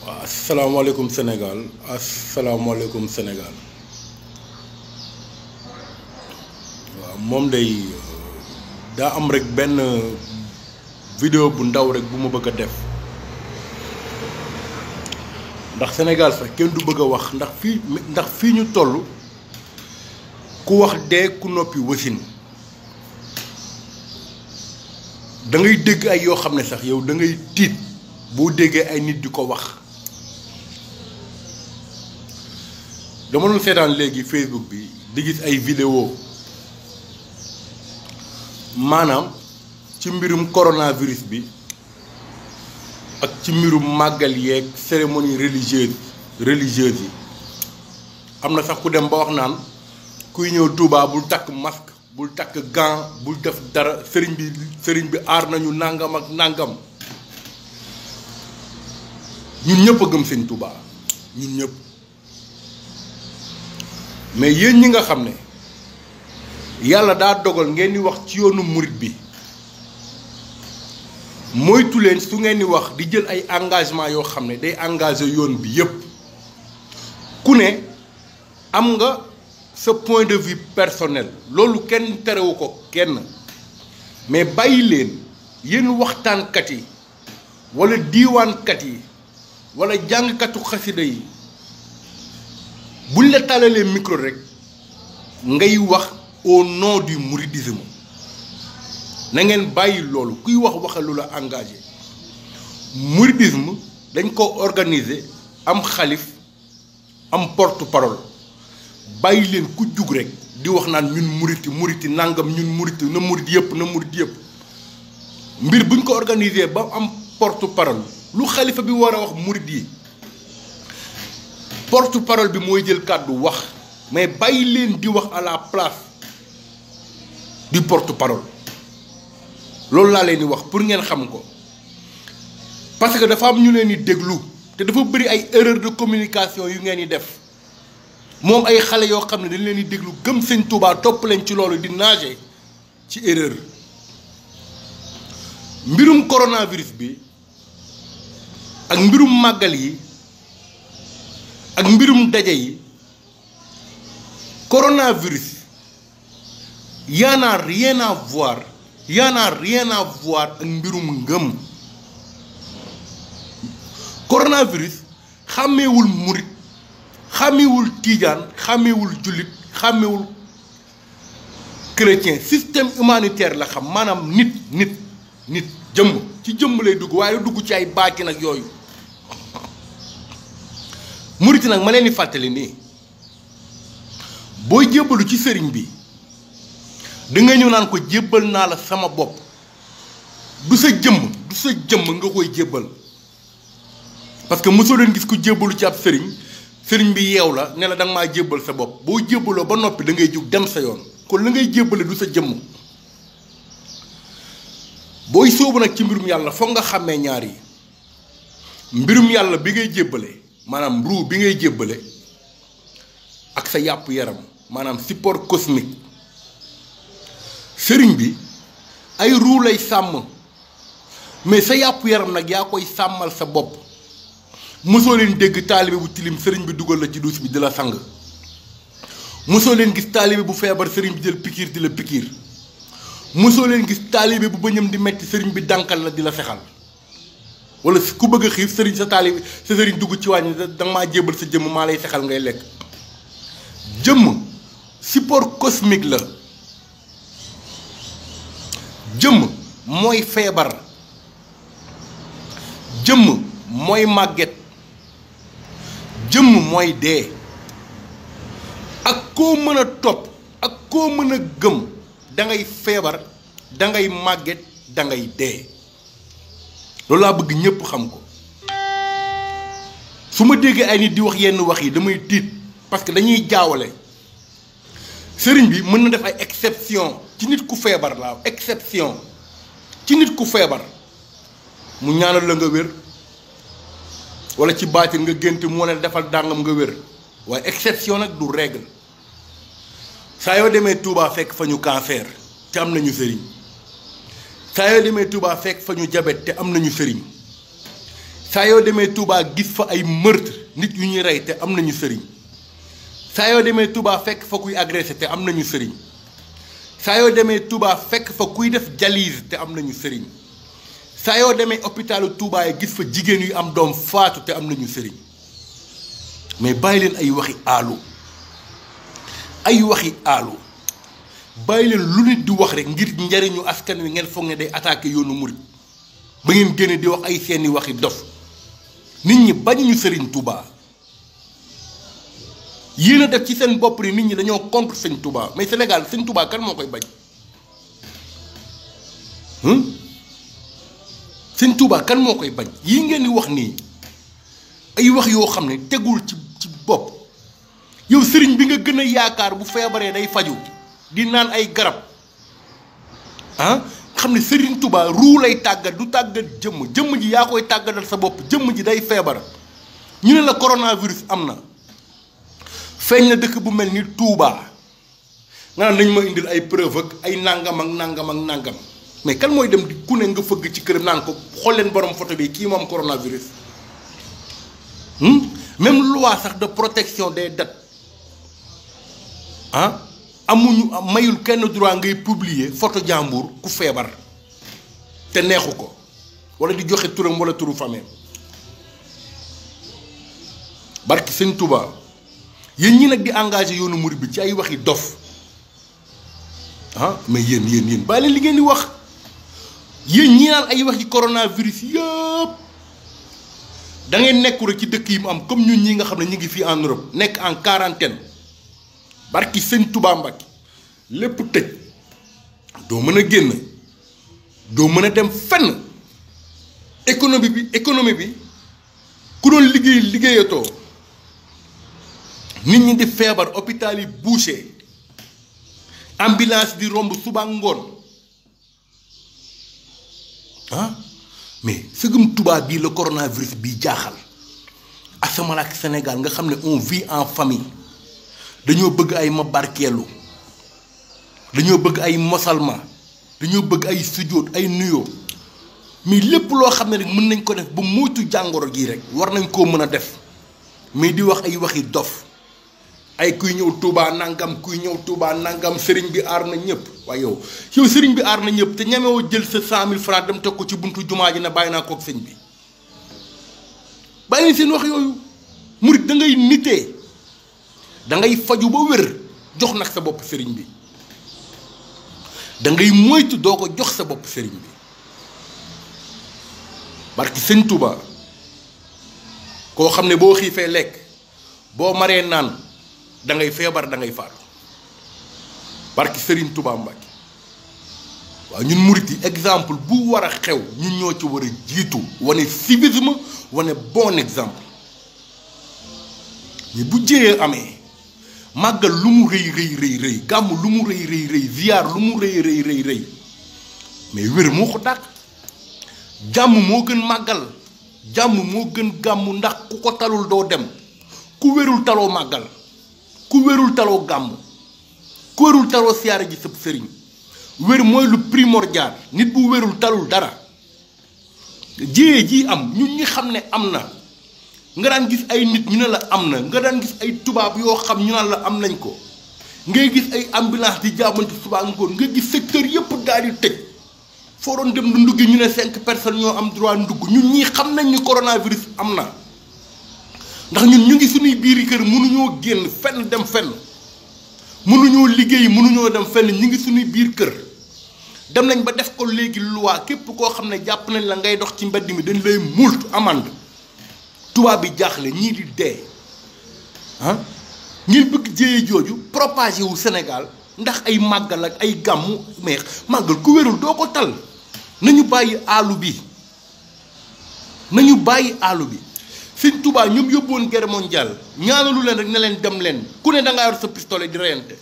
Assalamualaikum Senegal, Assalamualaikum Senegal. mom day euh, da am rek ben video bu ndaw rek bu ma bëgg def ndax senegal sax kenn du bëgg wax ndax fi ndax fi ñu tollu ku wax de ku nopi wëssin da ngay dégg ay yo xam sax yow da ngay tit bu déggé ay nit diko wax dama doon seetaan léegi Facebook bi di gis ay vidéo maanaam ci mbirum coronavirus bi ak ci mbirum màggal yeeg cérémonie religieuse religieuse yi am na sax ku dem ba wax naan kuy ñëw Touba bul takk masque bul takk gant bul def dara sëriñ bi sëriñ bi aar nañu nangam ak nangam ñun ñëpp a gëm sëñ Touba ñun ñëpp. mais yéen ñi nga xam ne yàlla daa dogal ngeen di wax ci yoonu murit bi moytu leen su ngeen di wax di jël ay engagement yoo xam ne day engagé yoon bi yépp ku ne am nga sa point de vue personnel loolu kenn terewu ko kenn mais bàyyi leen yéen waxtaankat yi wala diiwaankat yi wala jàngkatu xasida yi buñ la talalee micro rek ngay wax au di du mouridisme na ngeen bàyyi loolu kuy wax waxalu la engagé mouridisme dañ ko organiser am xalif am porte parole bàyyi leen ku jug rek di wax naan ñun muriti muriti nangam ñun muriti na murit yëpp na murit yëpp mbir buñ ko organiser ba am porte parole lu xalifa bi war a wax murit yi porte parole bi moy jël kàddu wax mais bay leen di wax à la place du porte parole loolu laa leen di wax pour ngeen xam ko parce que dafa am ñu leen di déglu te dafa bëri ay erreur de communication yu ngeen di def moom ay xale yoo xam ne dañ leen di déglu gëm sëñ Touba topp leen ci loolu di nager ci erreur mbirum coronavirus bi ak mbirum màggal yi. ak mbirum daje yi coronavirus yaa naa rien à voir yaa ak mbirum ngëm coronavirus xàmmewul murit xàmmewul tiijaan xàmmewul jullit xàmmewul chrétien système humanitaire la xam maanaam nit nit nit jëmm ci jëmm lay dugg waaye dugg ci ay baatin ak yooyu murit nak ma leen di fàttali nii booy ci serigne bi da nga naan ko na la sama bop du sa jëmm du sa jëmm nga koy jébbal parce que mosoo leen gis ku jébbalu ci ab serigne serigne bi yew la ne la dang ma sa bop bo ba nopi da ngay juk dem sa yoon ko la ngay jébbale du sa jëmm boy soobu nak ci mbirum yalla fo nga xamé ñaar yi mbirum yalla bi ngay maanaam ruu bi ngay jébbale ak sa yàpp yaram maanaam support cosmique sëriñ bi ay ruu lay sàmm mais sa yàpp yaram nag yaa koy sàmmal sa bopp mosoo leen dégg taalibe bu tilim sëriñ bi dugal la ci duus bi di la sang mosoo leen gis taalibe bu feebar sëriñ bi jël pikiir di la pikiir mosoo leen gis taalibe bu bëñam di metti sëriñ bi dànkal la di la sexal wala ku bëgg xiif sëriñ sa taali sëriñ dugg ci wàññi da maa jébal sa jëmm maa lay sexal ngay lekk jëmm support cosmique la jëmm mooy feebar jëmm mooy màgget jëmm mooy dee ak koo mën a topp ak koo mën a gëm dangay feebar da ngay màgget da ngay dee loolu laa bëgg ñëpp xam ko su ma déggee ay nit di wax yenn wax yi damay tiit parce que dañuy jaawale sëriñ bi mën na def ay exception ci nit ku feebar laa exception ci nit ku feebar mu ñaanal la nga wér walla ci baatin nga gént moo ne defal dàngam nga wér waaye exception nag du règle saa yoo demee Touba fekk fa ñu cancer te am nañu sëriñ saa yoo demee Touba fekk fa ñu jabet te am nañu sëriñ saa yoo gis fa ay meurtre nit yu ñuy rey te am nañu sëriñ fait Touba fa kuy agressé te am nañu sëriñ fait fa def jaliz am fa am te am mais bailin ay waxi aalu bàyyi lu nit di wax rek ngir njariñu askan wi ngeen foog ne day attaqué yoonu murit ba ngeen génne di wax ay seeni waxi dof nit ñi bañuñu sëriñ Touba yéen a def ci seen bopp nit ñi dañoo contre sëñ Touba mais Sénégal sëñ Touba kan moo koy bañ hmm? sëñ Touba kan moo koy bañ yi ngeen di wax nii ay wax yoo xam ne tegul ci ci bopp yow sëriñ bi nga gën a yaakaar bu feebaree day faju di nan ay garab han ah? xamni serigne touba tuba lay tàggat du tàggat jëm jëm ji yaa koy tàggatal sa bop jëm ji day febar ñu ne la coronavirus amna. na na dekk bu melni touba nga nañ ma indil ay preuve ak ay nangam ak nangam ak nangam mais kan moy dem ku ne nga fëgg ci kërëm nan ko xol leen borom photo bi ki mom coronavirus hmm? même loi sax de protection des dates hein ah? amuñu mayul kenn droit ngay publier photo jàmbur ku feebar te neexu ko wala di joxe turam wala turu famille barki seen Touba yéen ñi nag di engagé yoonu murid bi ci ay waxi dof ah mais yéen yéen yéen bàyyi li ngeen di wax yéen ñi naan ay waxi coronavirus yëpp da ngeen nekku rek ci dëkk yi mu am comme ñun ñi nga xam ne ñu ngi fii en Europe nekk en quarantaine barki sëñ Touba Mbacke lépp tëj doo mën a génn doo mën a dem fenn économie bi économie bi ku doon liggéey liggéeyatoo nit ñi di feebar hôpital yi bouché ambulance di romb suba ngoon ah mais sëgum tubaab bii la coronavirus bi jaaxal asamalaak Sénégal nga xam ne on vit en famille. dañoo bëgg ay ma dañoo bëgg ay mosalma dañoo bëgg ay sujjóot ay nuyoo mais lépp loo xam ne rek mën nañ ko def ba moytu jàngoro gii rek war nañ koo mën a def mais di wax ay waxi dof ay kuy ñëw Touba nangam kuy ñëw Touba nangam sëriñ bi aar na ñëpp waaye yow yow sëriñ bi aar na ñëpp te ñamewoo jël sa cent mille francs dem teg ko ci buntu jumaa ji na bàyyi naa kook sëñ bi bàyyi seen wax yooyu murit da ngay da ngay faju ba wër jox nak sa bop sëriñ bi da ngay moytu doo ko jox sa bop sëriñ bi barki sëñ tuba ko xamne ne boo lek bo maré nan da ngay feebar da ngay faatu barki sëriñ tuba mbàkki wa ñun mouride exemple bu wara xew ñun ñoo ci wara jitu wone wane civisme wane bon exemple ni bu jëyee amé màggal lu mu rëy rëy rëy rëy lu mu rëy rëy rëy ziyaar lu mu rëy rëy rëy rëy mais wér moo ko dàq jàmm moo gën màggal jàmm moo gën gàmm ndax ku ko talul doo dem ku wérul taloo màggal ku wérul taloo gàmm ku wérul taloo siyaare ji sëb sëriñ wér mooy lu primordial nit bu wérul talul dara jiyee ji am ñun ñi xam ne am na nga daan gis ay nit ñu ne la am na nga daan gis ay tubaab yoo xam ñu naan la am nañ ko ngay gis ay ambulance di jàmmante subaa ngoon nga gis secteur yëpp daal di tëj foo doon dem du yi ñu ne cinq personnes ñoo am droit ndugg ñu ñii xam nañ ni coronavirus am na ndax ñun ñu ngi suñuy biir kër mënuñoo génn fenn dem fenn mënuñoo liggéey mënuñoo dem fenn ñu ngi suñuy biir kër dem nañ ba def ko léegi luwaa képp koo xam ne jàpp nañ la ngay dox ci mbedd mi dañ lay multu tuba bi jaaxle ñi di dé han ngir bëgg jéyee joju propager wu Sénégal ndax ay magal ak ay gàmmu meex magal ku wérul do ko tal nañu bayyi alu bi nañu bayyi alu bi sëñ tuba ñum yobone guerre mondiale ñaanalu leen rek ne leen dem leen ku ne da nga yor sa pistolet di reyante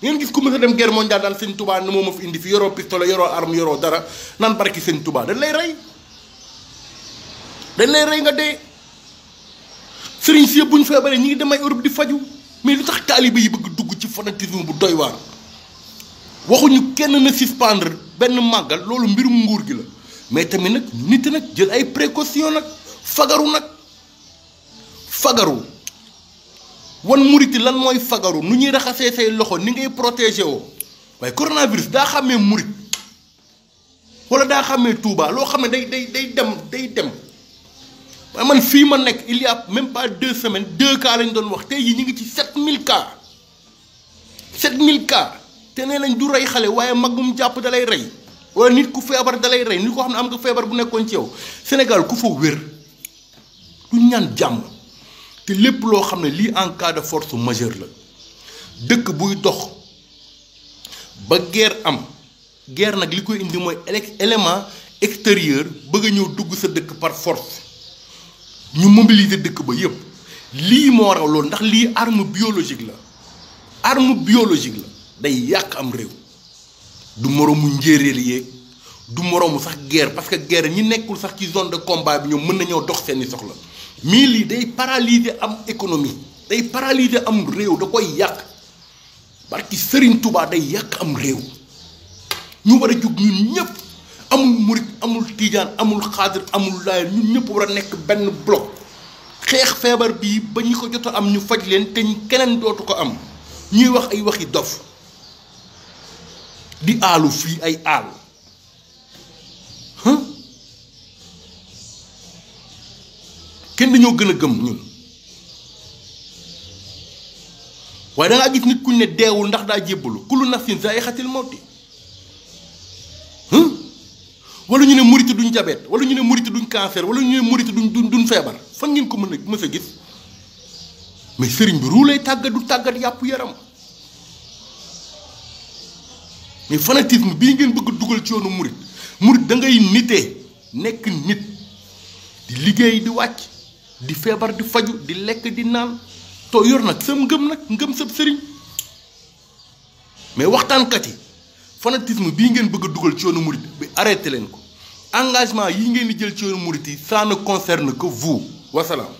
ngeen gis ku mësa dem guerre mondiale dal sëñ tuba ne moo ma fi indi fi yoro pistolet yoro arme yoro dara nan barki sëñ tuba dañ lay ray dañ lay ray nga dee sëriñ si yëpp bu ñu feebaree ñi ngi dem ay Europe di faju mais lu tax taalibe yi bëgg dugg ci fanatisme bu doy waxuñu kenn na suspendre benn màggal loolu mbirum nguur gi la mais tamit nag nit nag jël ay précaution nag fagaru nag fagaru wan muriti lan mooy fagaru nu ñuy raxasee say loxo ni ngay protégé woo waaye coronavirus daa xàmmee murit wala daa xàmmee Touba loo xam ne day day day dem day dem man fi ma nek il y a même pas deux semaines deux cas lañ doon wax tay yi ñi ngi ci 7000 cas 7000 cas té nenañ du ray xalé waye magum japp dalay ray wala nit ku febar dalay ray nit ko xamne am nga febar bu nekkon ci yow sénégal ku fa wër du ñaan jamm té lepp lo xamne li en cas de force majeure la dëkk buy dox ba guerre am guerre nak likoy indi moy élément extérieur bëgg ñëw dugg sa dëkk par force ñu mobiliser dëkk ba yëpp lii moo raw loolu ndax lii arme biologique la arme biologique la day yàq am réew du moroomu njéeréer yéeg du moroomu sax guerre parce que guerre ñi nekkul sax ci zone de combat bi ñoom mën nañoo dox seeni soxla mais lii day paralyser am économie day paralyser am réew da koy yàq barki Sëriñ Tuubaa day yàq am réew ñu war a jug ñun ñëpp. amul mourid amul tidiane amul khadir amul lay ñun ñëpp wara nek ben bloc xex febar bi bañ ko jot am ñu faj leen te keneen dootu ko am ñuy wax ay waxi dof di alu fi ay aal kenn dañoo gën a gëm ñun waaye da ngaa gis nit ku ne deewul ndax daa jébbalu kullu nafsin zaa'iqatul mawti wala ñu ne mouride duñ diabète wala ñu ne mouride duñ cancer wala ñu ne mouride duñ duñ duñ febar fa ngeen ko mëna mësa gis mais serigne bi roulay tagga du tagga yap yaram mais fanatisme bi ngeen bëgg duggal ci yoonu mouride mouride da ngay nité nek nit di liggéey di wacc di febar di faju di lek di nan, to yor nak sam ngëm nak ngëm sab sëriñ mais kat yi fanatisme bii ngeen bëgg dugal ci yoonu murit bi arrêté leen ko engagement yi ngeen di jël ci yoonu murit yi ça ne concerne que vous wasalaam.